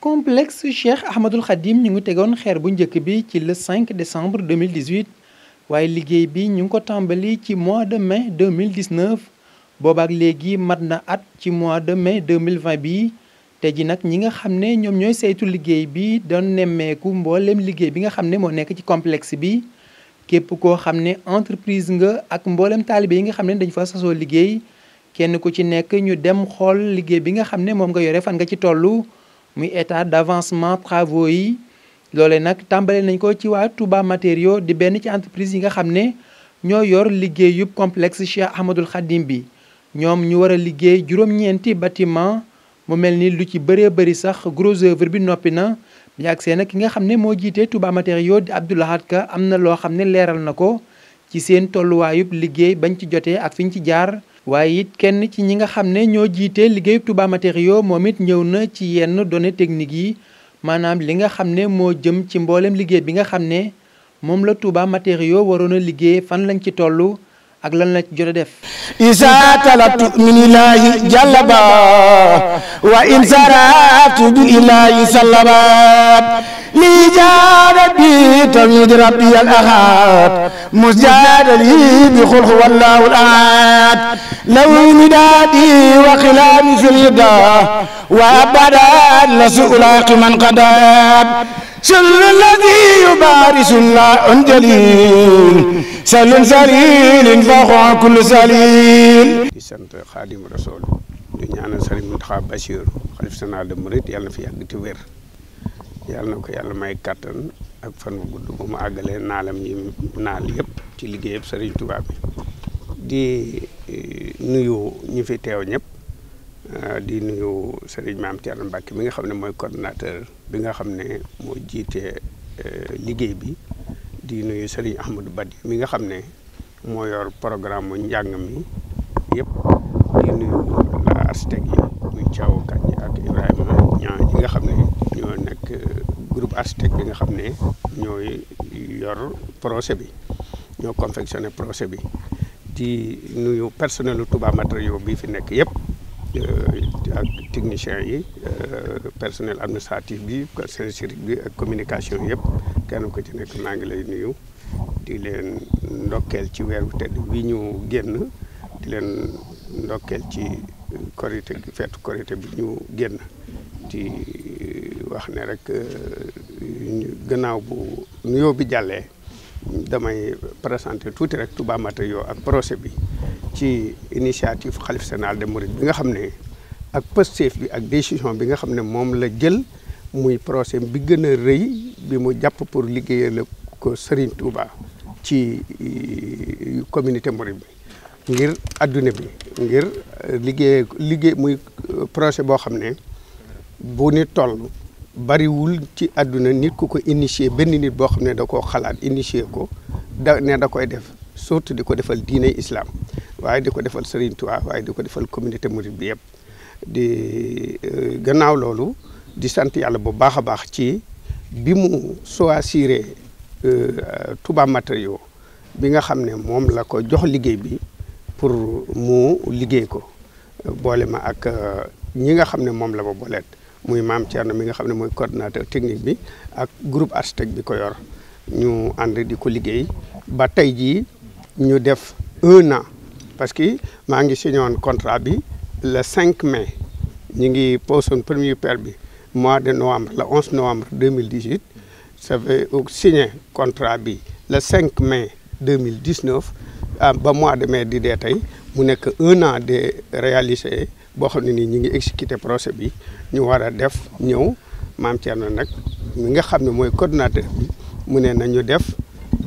complexe Cheikh Ahmadul Khadim ñu ngi tegoon xeer bu njëkk bi ci le 5 décembre 2018 waaye liggéey bi ñu ngi ko tàmbali ci mois de mai 2019 boobaak léegi mat na at ci mois de mai 2020 bi te ji nag ñi nga xam ne ñoom ñooy saytu liggéey bi doon nemmeeku mboolem liggéey bi nga xam ne moo nekk ci complexe bi képp koo xam ne entreprise nga ak mboolem taalibe yi nga xam ne dañ fa sasoo liggéey kenn ku ci nekk ñu dem xool liggéey bi nga xam ne moom nga yore fan nga ci tollu muy état d' avancement travaux yi loole nag tàmbale nañ ko ci waa Touba Matériaux di benn ci entreprise yi nga xam ne ñoo yor liggéey liggéeyub complexe Cheikh Ahmadoul Khadim bi ñoom ñu war a liggéey juróom-ñeenti bâtiment mu mel ni lu ci bëree bëri sax gros bi noppi na bi ak seen ki nga xam ne moo jiitee Touba Matériaux di Abdou Lahad Ka am na loo xam ne leeral na ko ci seen tolluwaayub liggéey bañ ci jotee ak fi ñu ci jaar waaye it kenn ci ñi nga xam ne ñoo jiite liggéey Touba matério moom it ñëw na ci yenn données techniques yi maanaam li nga xam ne moo jëm ci mboolem liggéey bi nga xam ne moom la Touba Matériaux waroon a liggéey fan lañ ci toll ak lan la jot a def wa in saratu bi ilahi sallaba li jaada bi tamid rabbi al ahad bi khulhu wallahu al ahad law wa khilami fil yada wa abada la su'laqi man qadab سل الذي يبارس الله جليل سل سليل فوق كل سليل di sant Xaadim Rasuul di ñaanal Sëriñ Muntaxa Basiiru xalif général de Mouride yàlla na fi yàgg ci wér yàlla na ko yàlla may kàttan ak fan bu gudd bu mu àggalee naalam yi naal yëpp ci liggéey liggéeyam Sëriñ tubaab bi di eh, nuyu eh, ñi fi teew ñëpp ah, di nuyu Sëriñ Maam Thierno Mbacke mi nga xam ne mooy coordonnateur bi nga xam ne moo jiite euh, liggéey bi di nuyu Serigne Ahmadou Badi mi nga xam ne moo yor programme mu njàng mi yëpp di nuyu la architecte yi muy Thiaw Kandji ak Ibrahima ñaa ñi nga xam ne ñoo nekk euh, groupe architecte bi nga xam ne ñooy yor projet bi ñoo confectionné projet bi di nuyu personnel Touba matériaux bi fi nekk yëpp ak techniciens yi euh, personnel administratif bi personnel juridique bi ak communication yëpp kenn ko ci nekk maa ngi lay nuyu di leen ndokkeel ci weeru tedd wi ñu génn di leen ndokkeel ci korité feetu korité bi ñu génn di euh, wax ne rek euh, gannaaw bu nuyoo bi jàllee damay présenté tuuti rek Touba Matayo ak projet bi ci initiative xalif général des bi nga xam ne ak pëstéef bi ak décision bi nga xam ne moom la jël muy procès bi gën a rëy bi mu jàpp pour liggéeyal ko Serigne Touba ci euh, communauté mouride bi ngir àdduna bi ngir liggéey liggéey muy euh, projet boo xam ne bu ni toll bariwul ci adduna nit ku ko initier benn nit boo xam ne da koo xalaat initier ko da ne da koy def surtout di ko defal diine islaam waaye di ko defal Serigne Touba waaye di ko defal communauté mouride bi yëpp. di euh, gannaaw loolu di sant yàlla bu baax a baax ci bi mu choisir euh, Touba Matériaux bi nga xam ne moom la ko jox liggéey bi pour mu liggéey ko boole ma ak euh, ñi nga xam ne moom la ma booleet muy maam Thierno mi nga xam ne mooy coordinateur technique bi ak groupe architecte bi ko yor ñu ànd di ko liggéey ba tey jii ñu def un an parce que maa ngi signé woon contrat bi le 5 mai ñu ngi posoon premier pierre bi mois de novembre le 11 novembre 2018 ça fait signé contrat bi le 5 mai 2019 ah, ba mois de mais di dee tey mu nekk un an de réalisé boo xam ne nii ñu ngi exécuté procès bi ñu war a def ñëw maam na nag mi nga xam ne mooy coordonnateur bi mu ne nañu def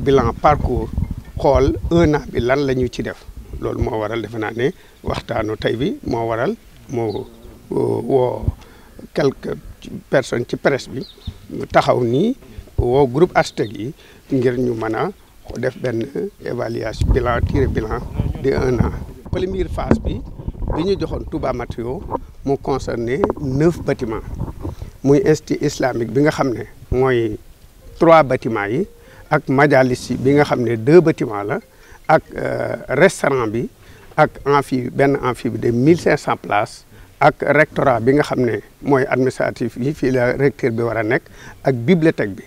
bilan parcours xool un an bi lan la ñu ci def loolu moo waral defe naa ne waxtaanu tey bi moo waral moo woo quelques personnes ci presse bi taxaw nii woo groupe Astec yi ngir ñu mën a def benn évaluation bilan tiré bilan de un an. première phase bi bi ñu joxoon Touba Matériaux mu concerné neuf batiment muy institut islamique bi nga xam ne mooy trois bâtiments yi ak majalis yi bi nga xam ne deux bâtiments la. ak euh, restaurant bi ak amphi benn amphi bi de 1500 place ak rectorat bi nga xam ne mooy administratif yi fii la recteur bi war a nekk ak bibliothèque bi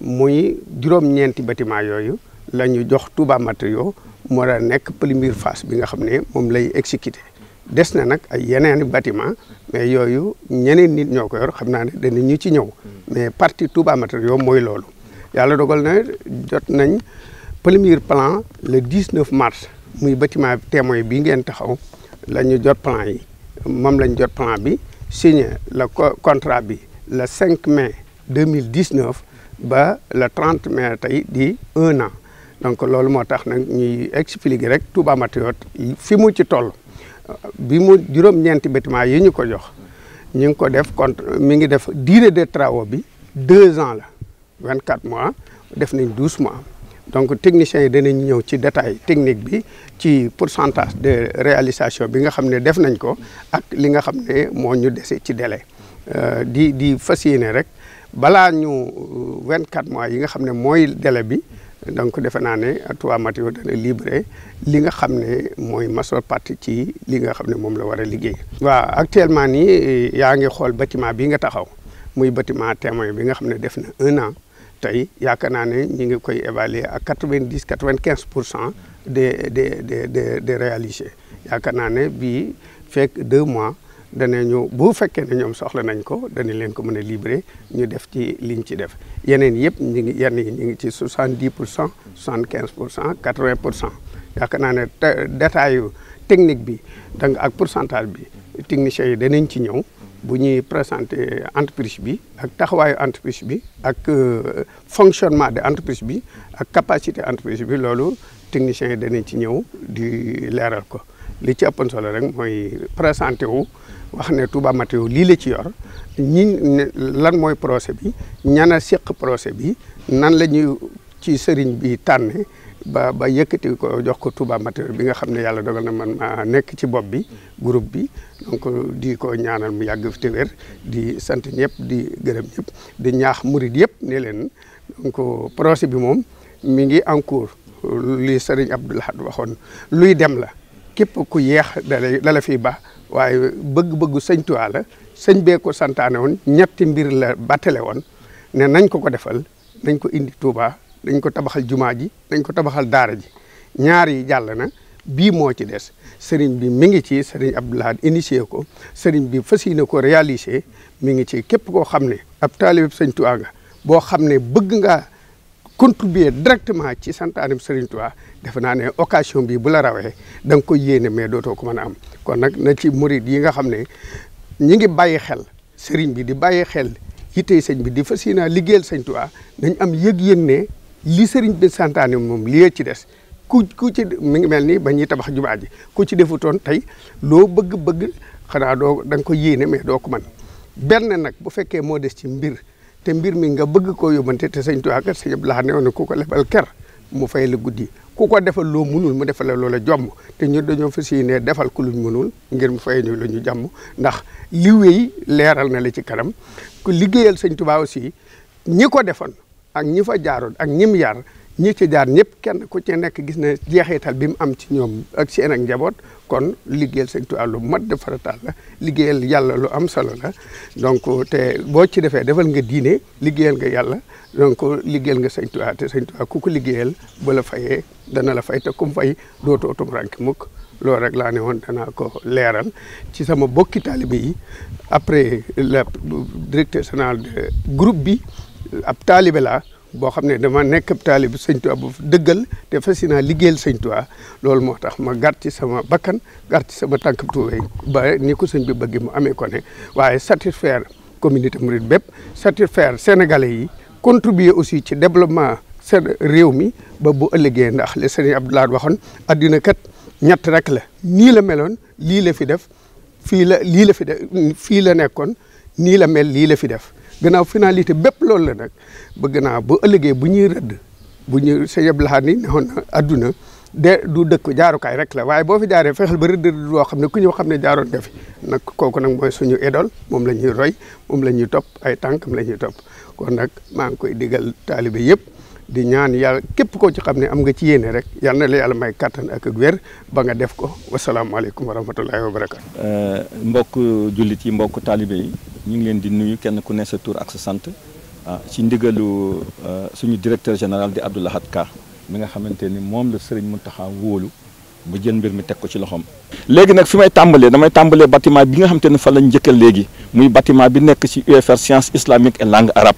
muy juróom-ñeenti bâtiment yooyu la ñu jox Touba Matériaux moo a nekk première phase bi nga xam ne moom lay exécuté des na nag ay yeneeni bâtiment mais yooyu ñeneen nit ñoo ko yor xam naa ne dana ñu ci ñëw mm. mais partie Touba Matériaux mooy loolu yàlla dogal na jot nañ premier plan le 19 mars muy bâtiment témoin bii ngeen taxaw la ñu jot plan yi moom lañ jot plan bi signé le contrat bi le 5 mai 2019 ba le 30 mai tey di un an donc loolu moo tax nag ñuy expliquer rek Touba Matériaux fi mu ci toll bi mu juróom-ñeenti bâtiment yi ñu ko jox ñu ngi ko def contre mi ngi def durée de travaux bi deux ans la vingt-quatre mois def nañ douze mois donc techniciens yi danañ ñëw ci détail technique bi ci pour pourcentage de réalisation bi nga xam ne def nañ ko ak li nga xam ne moo ñu dese ci délai euh, di di fas yéene rek balaa ñu 24 euh, mois yi nga xam ne mooy délai bi donc defe naa ne Touba Matériaux dana libre li nga xam ne mooy majeure partie ci li nga xam ne moom la war a liggéey. waaw actuellement nii yaa ngi xool batiment bi nga taxaw muy bâtiment témoin bi nga xam ne def na un an. tey yaakaar naa ne ñu ngi koy évaluer à quatre vingt dix quatre vingt quinze pour cent de de de des des réalisés yaakaar naa ne bii fekk deux mois danañu bu fekkee ne ñoom soxla nañ ko dana leen ko mën a libéré ñu def ci liñ ci def yeneen yëpp ñu ngi yenn yi ñu ngi ci soixante dix pour cent soixante quinze pour cent quatre vingt pour cent yaakaar naa ne détail yu technique bi donc ak pourcentage bi techniciens yi danañ ci ñëw. bu ñuy présenter entreprise bi ak taxawaayu entreprise bi ak euh, fonctionnement de entreprise bi ak capacité entreprise bi loolu techniciens yi danañ ci ñëw di leeral ko li ci ëppoon rek mooy présenter wu wax ne Touba Matériaux lii la ci yor ñi lan mooy projet bi ñana seq projet bi nan la ñuy ci sëriñ bi tànne ba ba yëkkati ko jox ko Touba matériel bi nga xam ne yàlla dogal na man maa nekk ci bopp bi groupe bi donk di ko ñaanal mu yàgg fi te wér di sant ñëpp di gërëm ñëpp di ñaax murid yëpp ne leen donc projet bi moom mi ngi en cours li Serigne Abdoul Ahad waxoon luy dem la képp ku yeex dala dala ba waaye bëgg bëgg sëñ Tuubaa la sëñ bee ko santaane woon ñetti mbir la battale woon ne nañ ko ko defal nañ ko indi Touba dañ ko tabaxal jumaa ji dañ ko tabaxal daara ji ñaari yi jàll na bii moo ci des sëriñ bi mi ngi ci sëriñ Abdou Lahad ko sëriñ bi fas yéene ko réalisé mi ngi ci képp koo xam ne ab taalib sëñ Tuubaa nga boo xam ne bëgg nga contribuer directement ci santaanim sëriñ Tuubaa defe naa ne occasion bi bu la rawee da ko koy yéene mais dootoo ko mën a am kon nag na ci murit yi nga xam ne ñi ngi bàyyi xel sëriñ bi di bàyyi xel yittey sëñ bi di fas yéene liggéeyal sëñ Tuubaa dañ am yëg-yëg ne li sëriñ bi santaane moom li ci des ku ku ci mi ngi mel ni ba ñuy tabax jubaa ji ku ci defutoon tey loo bëgg-bëgg xanaa doo da nga ko yéene mais doo ko man benn nag bu fekkee moo des ci mbir te mbir mi nga bëgg koo yóbbante te sëñ Tuubaa kat sëñ Abdu Lahad ne woon ku ko lebal ker mu fay la guddi ku ko defal loo munul mu defal la jomm te ñun dañoo fas yéene defal ku luñ munul ngir mu fay ñu lu ñu jàmm ndax li leeral na la ci kanam ku liggéeyal sëñ Tuubaa aussi ñi ko defoon ak ñi fa jaaroon ak ñim yar ñi ci jaar ñëpp kenn ku ci nekk gis na jeexital bi mu am ci ñoom ak seen ak njaboot kon liggéeyal Sëñ Tuubaa lu mat de farataal la liggéeyal yàlla lu am solo la donc te boo ci defee defal nga diine liggéeyal nga yàlla donc liggéeyal nga Sëñ Tuubaa te Sëñ Tuubaa ku ko liggéeyal bu la fayee dana la fay te kum fay dootoo tumuraanke mukk loolu rek laa ne woon danaa ko leeral ci sama bokki taalibe yi après le directeur général de groupe bi ab taalibe laa boo xam ne dama nekk ab taalibe sëñ Tuubaa bu dëggal te fas naa liggéeyal sëñ Tuubaa loolu moo tax ma gar ci sama bakkan gar ci sama tànkab tuubé ba ni ko sëñ bi bëgg mu amee ko ne waaye satisfaire communauté mouride bépp satisfaire sénégalais yi contribuer aussi ci développement seen réew mi ba bu ëllëgee ndax li sëñ Abdou Lahad waxoon adduna kat ñett rek la nii la meloon lii la fi def fii la lii la fi def fii la nekkoon nii la mel lii la fi def gannaaw finalité bépp loolu la nag bëgg naa bu ëllëgee bu ñuy rëdd bu ñuy sa yeb laxaat ni neexoon na adduna de du dëkk jaarukaay rek la waaye boo fi jaaree fexeel ba rëdd rëdd loo xam ne ku ñëw xam ne jaaroon nga fi nag kooku nag mooy suñu idole moom la ñuy roy moom la ñuy topp ay tànkam la ñuy topp kon nag maa ngi koy digal taalibe yëpp di ñaan yàlla képp koo ci xam ne am nga ci yéene rek yal na la yàlla may kàttan ak ak wér ba nga def ko wasalaamaaleykum wa rahmatullahi wa barakatu euh, mbokk jullit yi mbokk taalibe yi ñu ngi leen di nuyu kenn ku ne sa tur ak sa sant ah ci ndigalu ah, suñu directeur général di Abdou Lahad Ka mi nga xamante ni moom la Serigne Mountakha wóolu ba jël mbir mi teg ko ci loxoom. léegi nag fi may tàmbalee damay tàmbalee bâtiment bi nga xamante ne fa lañ njëkkal léegi muy bâtiment bi nekk ci UFR science islamique et langue arabe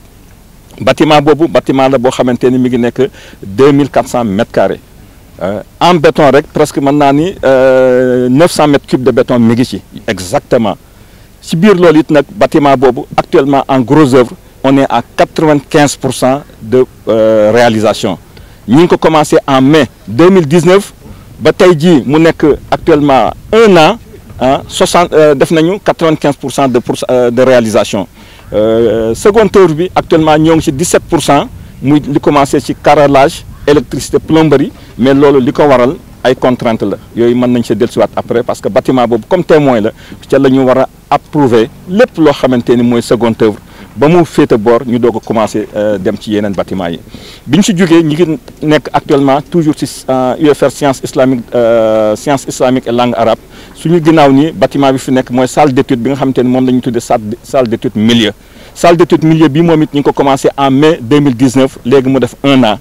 bâtiment boobu bâtiment la boo xamante ni mi ngi nekk 2400 mètres carrés ah, en béton rek presque man naa ni 900 euh, mètres cubes de béton mi ngi ci exactement. ci biir loolu it nag bâtiment boobu actuellement en gros œuvre on est à quatre-vingt-quinze pour cent de euh, réalisation ñi ngi ko commencé en mai deux mille dix-neuf ba tey jii mu nekk actuellement un an ah soixante euh, def nañu quatre-vingt-quinze pour cent de pour euh, de réalisation seconde œuvre bi actuellement ñoo ngi ci dix-sept pour cent muy li commencé ci carrelage électricité plomberie mais loolu li ko waral. ay contrainte la yooyu mën nañ sa dellusiwaat après parce que bâtiment boobu comme témoin la ca la ñu a approuver lépp loo xamante ni mooy seconde œuvre ba mu féete boor ñu doog a commencé euh, dem ci yeneen bâtiment yi bi ñu si jógee ñu ngi nekk actuellement toujours ci euh, UFR science islamique euh, science islamique et langue arabe suñu ginnaaw nii bâtiment bi fi nekk mooy salle d'étude bi nga xamante ni moom la ñu tuddee salle d'étude milieu salle d'étude milieu bi moom it ñu ko commencé en mai 2019 léegi mu def un an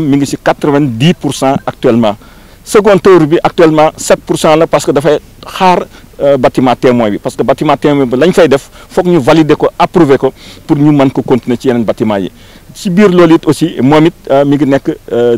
mi ngi si 90 pour cent actuellement second tour bi actuellement 7 pour cent la parce que dafay xaar euh, bâtiment témoin bi parce que bâtiment témoin bi lañ fay def foog ñu valider ko approuver ko pour ñu mën ko continuer ci yeneen bâtiment yi ci biir loolu it aussi moom it euh, mi ngi nekk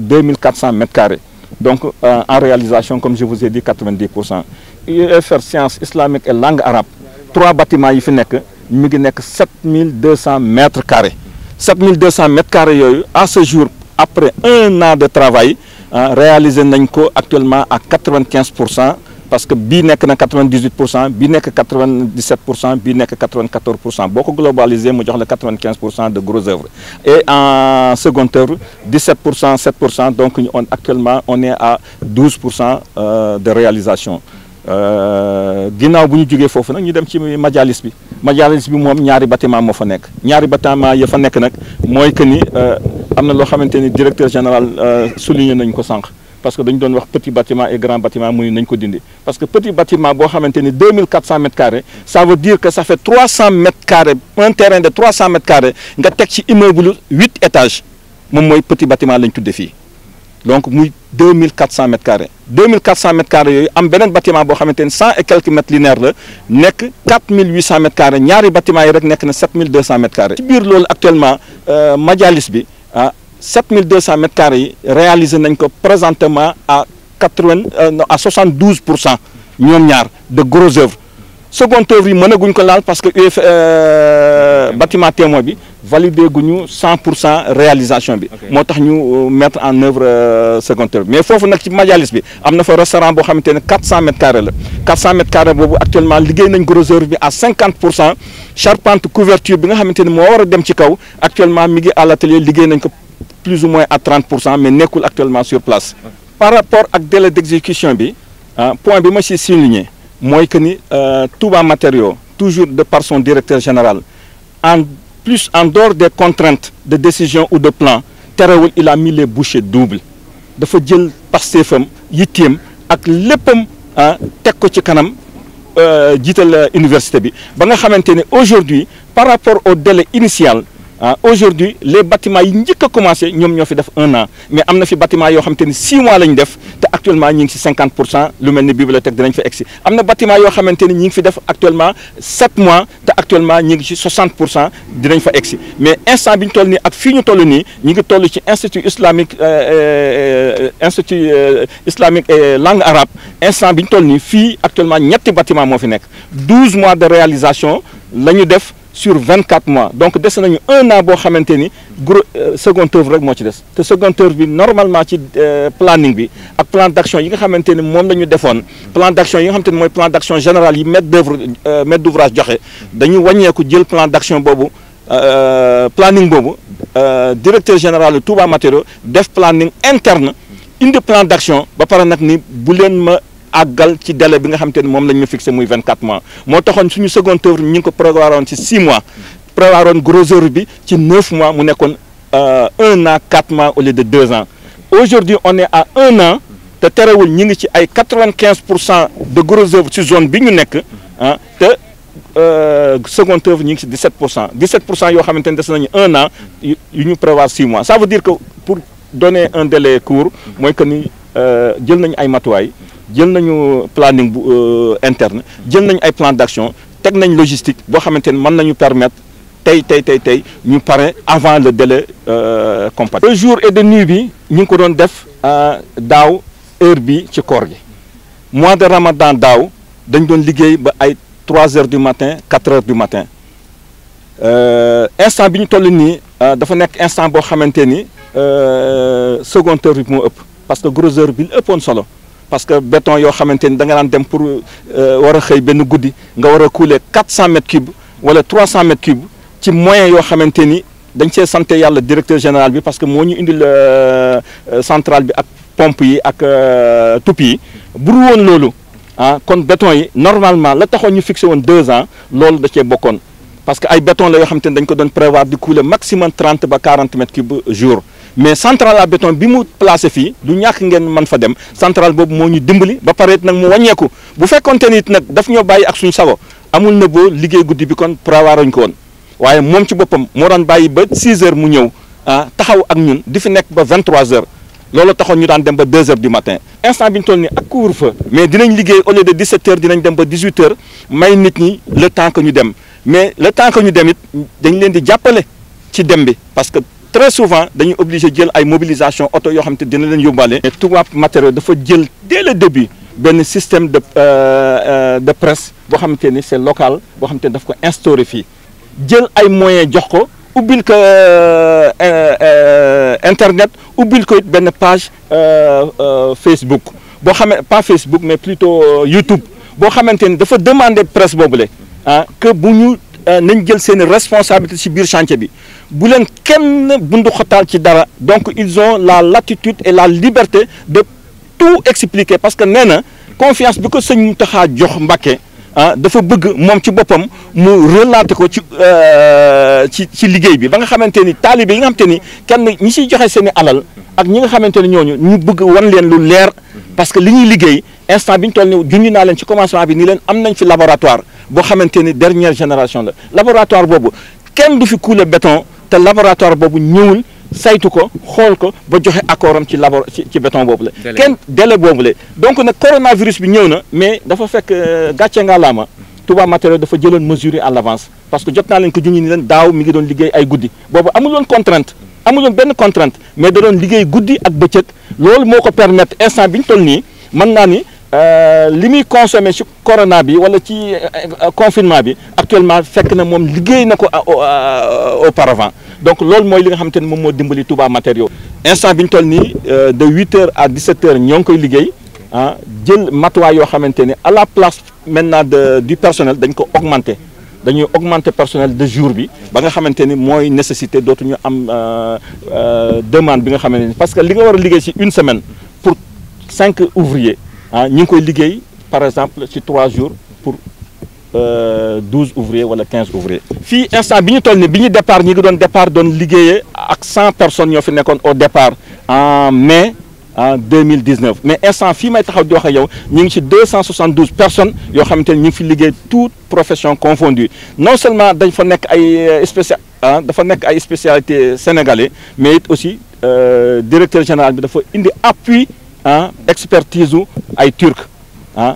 2400 euh, mètres carrés donc en réalisation comme je vous ai dit 90 pour cent UFR science islamique et langue arabe trois bâtiments yi fi nekk mi ngi nekk 7200 mètres carrés 7200 mètres carrés yooyu à ce jour après un an de travail Ah, réalisé nañ ko actuellement à quatre-vingt-quinze pour cent parce que bii nekk na quatre-vingt-dix-huit pour bii nekk quatre-vingt-dix-sept pour cent bii nekk quatre-vingt-quatorze pour cent boo ko globalisé mu jox la quatre pour cent de gros œuvres et en seconde œuvre dix-sept pour cent sept pour cent donc on actuellement on est à euh, de réalisation euh, ginnaaw bu ñu jógee foofu nag ñu dem ci majalis bi majalis bi moom ñaari bâtiment moo fa nekk ñaari bâtiment ya fa nekk nag mooy que ni. Euh, am na loo xamante ni directeur général euh, souligné nañ ko sànq parce que dañu doon wax petit bâtiment et grand bâtiment mu ni nañ ko dindi parce que petit bâtiment boo xamante ni 2400 mètres carrés ça veut dire que ça fait 300 mètres un terrain de 300 mètres nga teg ci immeuble huit étages moom mooy petit bâtiment lañ tudde fii donc muy 2400 mètres carrés 2400 mètres carrés yooyu am beneen bâtiment boo xamante ni 100 et quelques mètres linéaires la nekk 4800 mètres carrés ñaari bâtiment yi rek nekk Ah, deux 7200 mètres carrés yi réalisé nañ ko présentement à 80 euh, à 72 pour cent ñoom ñaar de gros œuvres seconde œuvre yi mën a guñ ko laal parce que UF euh, bâtiment témoin bi. validé guñu cent pour cent réalisation bi. moo tax ñu euh, mettre en œuvre euh, second mais foofu nag ci Majalis bi am na fa restaurant boo xamante ne quatre cent mètres carrés la quatre cent mètres carrés boobu actuellement liggéey nañ gros œuvre bi à cinquante pour cent charpente couverture bi nga xamante ne moo war a dem ci kaw actuellement mi ngi à l'atelier liggéey nañ ko plus ou moins à trente pour cent mais nekkul actuellement sur place. par rapport ak délai d'exécution bi ah point bi ma si souligné mooy que ni euh, Touba Matériaux toujours de par directeur général plus en dehors des contraintes de décision ou de plan terewul il a mis les bouchées dafa jël pastéefam yitteem ak léppam ah teg ko ci kanam euh, jiital euh, université bi ba nga xamante ne aujourd'hui par rapport au délai initial ah aujourd'hui les bâtiments yi njëkk a commencé ñoom ñoo fi def un an mais am na fi bâtiment yoo xam te ni six mois la def te actuellement ñi ngi si cinquante pour cent lu mel ni bibliothèque dinañ fa egsi am na bâtiment yoo xamante ni ñi ngi fi def actuellement sept mois te actuellement ñi ngi si soixante pour cent dinañ fa egsi mais instant bi ñu toll nii ak fii ñu toll nii ñi ngi toll ci institut islamique euh, euh, institut euh, islamique et langue arabe instant bi ñu toll nii fii actuellement ñetti bâtiment moo fi nekk douze mois de réalisation la ñu def sur vingt quatre mois donc des nañu un an boo xamante ni gros euh, seconde œuvre rek moo ci des te seconde œuvre bi normalement ci euh, planning bi ak plan d' yi nga xamante ni moom la ñu defoon plan d' yi nga xamante ni mooy plan d' action général yi maître d' œuvre euh, maître d' ouvrage joxe dañu wàññeeku jël plan d' action boobu planning boobu directeur général de Touba Matériaux def planning interne indi plan d' action ba pare nag ni bu ma ak gal ci délai bi nga xam te ne moom lañ ñu fixé muy 24 mois moo taxoon suñu seconde œuvre ñu ngi ko prévoir woon ci 6 mois prévoir woon grosse œuvre mois mu nekkoon 1 euh, an 4 mois au lieu de 2 ans on est à 1 an terewul ñu ngi ci ay 95 pour cent de grosses œuvres zone bi ñu nekk ah te euh, seconde œuvre ñu ngi ci 17 pour cent 17 pour cent yoo xamante ne des nañu 1 an yu ñu prévoir 6 mois ça veut dire que pour donner un délai court mooy que ni euh, jël nañu ay matuwaay. jël nañu planning bu euh, interne jël nañu ay plan d'action teg nañu logistique boo xamante ni mën nañu permettre tey tey tey tey ñu pare avant le délai euh, compact le jour et de nuit bi ñu ngi ko doon def euh, daaw heure bi ci koor gi mois de ramadan daaw dañ doon liggéey ba ay trois heures du matin quatre heures du matin instant bi ñu toll nii dafa nekk instant boo xamante ni seconde heure bi moo ëpp parce que grosse heure bi ëppoon solo parce que béton yoo xamante ni da naan dem pour euh, war a xëy benn guddi nga war a couler quatre cent mètres cubes wala trois cent mètres ci moyen yoo xamante ni dañ see sant yàlla directeur général bi parce que moo ñu indil euh, euh, centrale bi ak pompe yi ak tupp yi buru woon loolu ah kon béton yi normalement la taxoon ñu fixé woon deux ans loolu da cee bokkoon parce que ay béton la yoo xamante ni dañ ko doon prévoir di couler maximum trente ba quarante mètres cubes jour mais centrale à béton bi mu placé fii du ñàkk ngeen man fa dem central boobu moo ñu dimbali ba pare nag mu wàññeeku bu fekkoonte it nag daf ñoo bàyyi ak suñu sago amul na boo liggéey guddi bi kon ñu ko woon waaye moom ci boppam moo daan bàyyi ba 6 heures mu ñëw ah taxaw ak ñun di fi nekk ba 23 heures loolu taxoon ñu daan dem ba 2 heures du matin instant bi ñu toll nii ak couvre-feu mais dinañ liggéey au lieu de 17 heures dinañ dem ba 18 may nit ñi le temps que ñu dem mais le temps que ñu dem it dañ leen di jàppale ci dem bi parce que très souvent dañuy obligé jël ay mobilisation oto yoo xam te dina leen yóbbaale. mais tubaab matériel dafa jël dès le début benn système de euh, euh, de presse boo xamante ni c'est local boo xamante ni daf ko instauré fii jël ay moyen jox ko ubbil ko euh, internet ubbil ko it benn page Facebook boo xamee pas Facebook mais plutôt YouTube boo xamante ni dafa demander presse boobule ah que bu ñu. Euh, nañ jël seen responsabilité ci biir chantier bi bu leen kenn bundu xotaal ci dara donc ils ont la latitude et la liberté de tout expliquer parce que nee na confiance bi ko sëñ taxaa jox Mbàkke ah dafa bëgg moom ci boppam mu relater ko ci euh, ci ci liggéey bi ba nga xamante ni taalibe yi nga xamante ni kenn ñi siy joxe seen i alal ak ñi nga xamante ni ñooñu ñu bëgg wan leen lu leer parce que li ñuy liggéey instant bi ñu toll nii junj naa leen ci commencement bi ni leen am nañ fi laboratoire boo xamante ni dernière génération la laboratoire boobu kenn du fi couler béton te laboratoire boobu ñëwul saytu ko xool ko ba joxe accord am ci labo ci ci béton boobu la. kenn délai boobu la donc nag coronavirus bi ñëw na mais dafa fekk euh, gàcce ngaa laama. tubaa matériel dafa jëloon mesure yi à l'avance parce que jot naa leen ko junj ni leen daaw mi ngi doon liggéey ay guddi boobu amul woon contrainte. amul woon benn contrainte mais da doon liggéey guddi ak bëccëg loolu moo ko permettre instant bi ñu toll nii mën naa ni. Euh, li muy consommé ci corona bi wala ci euh, euh, confinement bi actuellement fekk na moom liggéey na ko auparavant donc loolu mooy li nga xamante ni moom moo dimbali Touba matériaux instant bi ñu de huit heures à dix sept ñoo ngi koy liggéey ah jël matuwaay yoo xamante ne à la place maintenant de du personnel dañ ko augmenter dañuy augmenter personnel de jour bi ba nga xamante ni mooy nécessité dootuñu am demande bi nga xamante ni parce que li nga war a liggéey ci une semaine pour cinq ouvriers ah ñu ngi koy liggéey par exemple ci trois jours pour euh, douze ouvriers wala quinze ouvriers. fii instant bi ñu toll ni bi ñu départ ñi ngi doon départ doon liggéeyee ak cent personnes ñoo fi nekkoon au départ en mai. en 2019 mais instant fii may taxaw di wax ak yow ñu ngi ci 272 personnes yoo xamante ni ñu ngi fi liggéey toute profession confondue non seulement dañ fa nekk ay euh, spécial ah dafa nekk ay spécialité sénégalais mais it aussi euh, directeur général bi dafa indi appui ah expertise u ay turc ah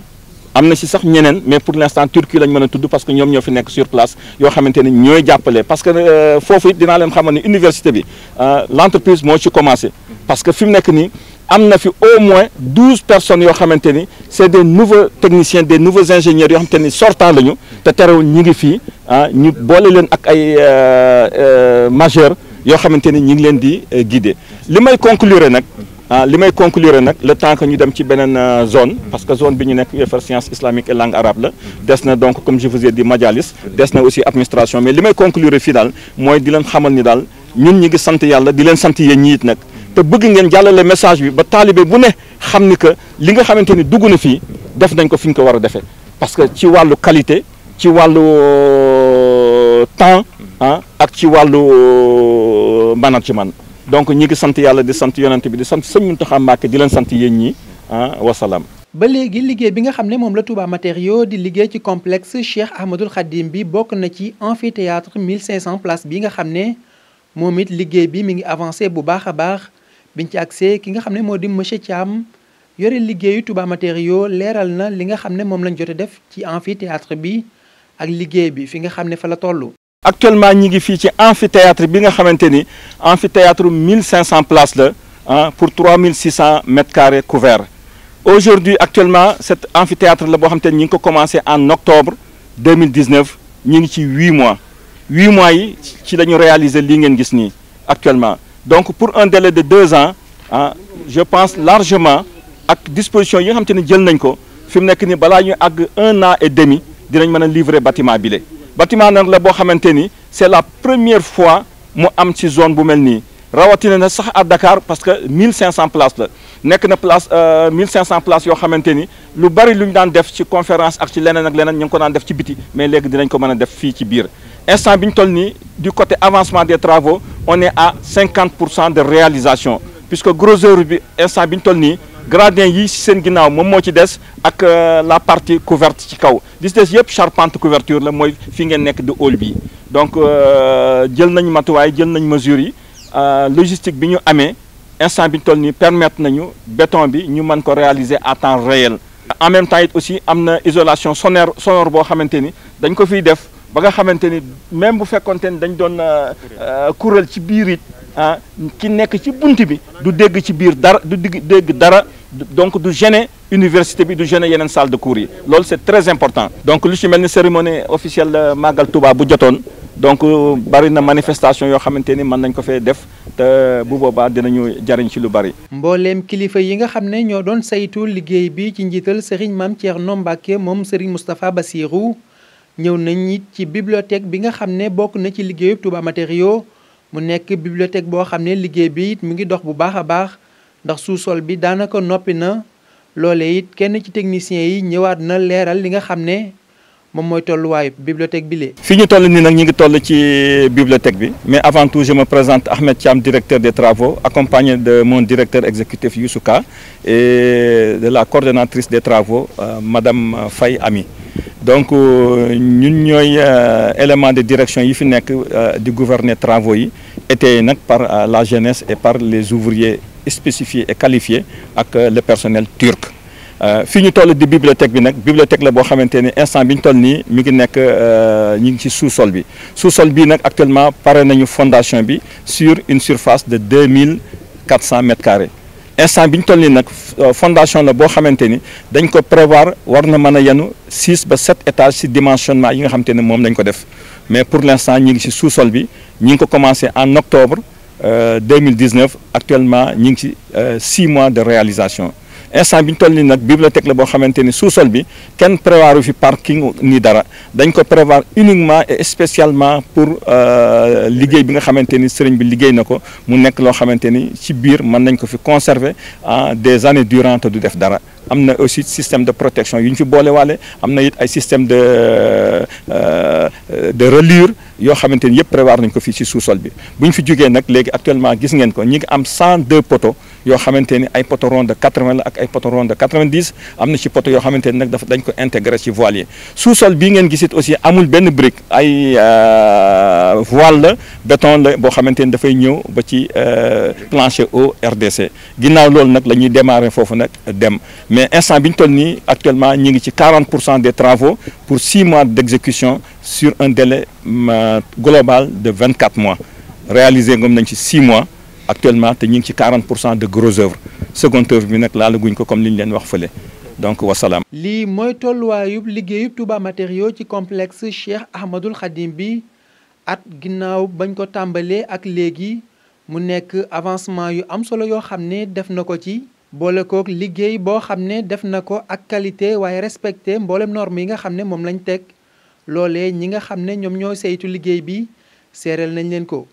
am na si sax ñeneen mais pour l' instant turc yi lañ mën a tudd parce que ñoom ñoo fi nekk sur place yoo xamante ni ñooy jàppale parce que euh, foofu it dinaa leen xamal ne université bi euh, l' entreprise moo ci commencé parce que fi mu nekk nii am na fi au moins douze personnes yoo xamante ni c' des nouveaux techniciens des nouveaux ingénieurs yoo xamante ni sortant la te terewul ñi ngi fii ah ñu boole leen ak ay euh, majeur yoo xamante ni ñi ngi leen di guider li may conclure nag Ah, li may conclure nag le temps que ñu dem ci beneen euh, zone parce que zone bi ñu nekk UFR science islamique et langue arabe la des na donc comme je vous ai dit majalis des na aussi administration mais li may conclure fii daal mooy di leen xamal ni daal ñun ñi ngi sant yàlla di leen sant yéen ñi it nag te bëgg ngeen jàllale message bi ba taalibe bu ne xam ni que li nga xamante ni dugg na fii def nañ ko fi ñu ko war a defee parce que ci wàllu qualité ci wàllu euh, temps ah ak ci wàllu euh, management donc ñi ngi sant yàlla di sant yonent bi di sant sëñ Muntaxa Mbàkke di leen sant yéen ñi ah wasalaam. ba léegi liggéey bi nga xam ne moom la Touba Matériaux di liggéey ci complexe Cheikh Ahmadoul Khadim bi bokk na ci amphithéâtre 1500 places bi nga xam ne moom it liggéey bi mi ngi avancé bu baax a baax biñ ci accès ki nga xam ne moo di monsieur Thiam yore liggéeyu Touba Matériaux leeral na li nga xam ne moom lañ jot a def ci amphithéâtre bi ak liggéey bi fi nga xam ne fa la toll. actuellement ñi ngi fii ci amphithéâtre bi nga xamante ni amphithéâtre 1500 places la ah pour 3600 mètres carrés couverts aujourd'hui actuellement cet amphithéâtre la boo xamante ni ñi ngi ko commencé en octobre 2019 ñi ngi ci huit mois huit mois yi ci la ñu réaliser lii ngeen gis nii actuellement donc pour un délai de deux ans ah je pense largement ak disposition yi nga xamante ni jël nañ ko fi mu nekk ni balaa ñu àgg un an et demi dinañ mën a livrer bâtiment bile bâtiment nar la boo xamante ni c'est la première fois mu am ci zone bu mel nii rawatina na sax a Dakar parce que 1500 places la nekk na place 1500 euh, places yoo xamante ni lu bari lu ñu daan def ci conférence ak ci leneen ak leneen ñu ngi ko naan def ci biti mais léegi dinañ ko mën a def fii ci biir instant bi ñu tol nii du côté avancement des travaux on est à 50 pour cent de réalisation puisque gros œuvre bi instant bi ñu toll nii. gradin yi si seen ginnaaw moom moo ci des ak euh, la partie couverte ci kaw li ci des yëpp charpente couverture la mooy fi ngeen nekk di hall bi donc euh, jël nañ matuwaay jël nañ mesures yi euh, logistique bi ñu amee instant bi ñu toll nii permettre nañu beton bi ñu mën ko réaliser à temps réel. en même temps it aussi am na isolation sonore sonore boo xamante ni dañ ko fiy def ba nga xamante ni même bu fekkonte ni dañ doon kuréel ci biir it ah ki nekk ci bunt bi du dégg ci biir dara du dégg dara. donc du gêner université bi du gêner yeneen salle de cours yi loolu c'est très important donc lu ci mel ni cérémonie officielle Magal Touba bu jotoon donc euh, bari na manifestation yoo xamante ni mën nañ ko fee def te bu boobaa dinañu jariñ ci lu bari. mbooleem kilifa yi nga xam ne ñoo doon saytu liggéey bi ci njiital Serigne Mame Thierno nombake moom Serigne Moustapha Bassirou ñëw nañ it ci bibliothèque bi nga xam ne bokk na ci liggéeyu Touba matério mu nekk bibliothèque boo xam ne liggéey bi it mu ngi dox bu baax a baax. ndax sous-sol bi daanaka noppi na loole it kenn ci technicien yi ñëwaat na leeral li nga xam ne moom mooy tolluwaayu bibliothèque bi lee fi ñu toll nii nag ñu ngi toll ci bibliothèque bi mais avant tout je me présente Ahmed Thiam directeur des travaux accompagné de mon directeur exécutif Youssou Ka et de la coordinatrice de travaux euh, madame Faye Ami donc euh, ñun ñooy euh, élément de direction yi fi nekk euh, di gouverner travaux yi été nag par la jeunesse et par les ouvriers spécifié et qualifié ak euh, le personnel turc euh, fii ñu toll di bibliothèque bi nag bibliothèque la boo xamante ni instant bi ñu toll nii mi ngi nekk euh, ñu ngi ci sous-sol bi sous-sol bii nag actuellement pare nañu fondation bi sur une surface de deux mille quatre cent mètres carrés instant bi ñu toll nii nag fondation la boo xamante ni dañ ko prévoir war na mën a yenu six ba sept étages si dimensionnement yi nga xamante ne moom lañ ko def mais pour l'instant ñu ngi ci sous bi ñu ko commencé en octobre. 2019 euh, actuellement ñu ngi ci euh, six mois de réalisation instant bi ñu toll nii nag bibliothèque la boo xamante ni sous bi kenn prévoiru fi parking ni dara dañ ko prévoir uniquement et spécialement pour euh, liggéey bi nga xamante ni sëriñ bi liggéey na ko mu nekk loo xamante ni ci biir mën nañ ko fi conserver ah des années durant te du def dara am na aussi système de protection yu ñu fi waale am na it ay système de euh, de reliure yoo xamante ni yëpp prévoir nañ ko fii ci sous bi bu ñu fi jógee nag léegi actuellement gis ngeen ko ñi ngi am 102 poteaux yoo xamante ni ay poteau rond de 80 la ak ay poteau rond de 90 am na ci pot yoo xamante ni nag dafa dañ ko intégré ci voile yi sous-sol bii ngeen gisit aussi amul benn brique ay euh, voile la béton la boo xamante ni dafay ñëw ba ci euh, plancher au RDC ginnaaw loolu nag la ñuy démarrer foofu nag dem mais instant bi ñu toll nii actuellement ñu ngi ci 40 pour cent des travaux pour 6 mois d'exécution sur un délai euh, global de vingt 24 mois réalisé ngom nañ ci 6 mois actuellement te ñu ngi ci 40 pour cent de gros œuvre seconde œuvre bi nag laalaguñ ko comme li ñu leen wax fële donc wasalaam. lii mooy tolluwaayub liggéeyub Touba matériaux ci complexe Cheikh Ahmadul Khadim bi at ginnaaw bañ ko tàmbalee ak léegi mu nekk avancement yu am solo yoo xam ne def na ko ci. boole kook liggéey boo xam ne def na ko ak qualité waaye respecté mboolem norme yi nga xam ne moom lañ teg loolee ñi nga xam ne ñoom ñoo saytu liggéey bi séeréel nañ leen ko.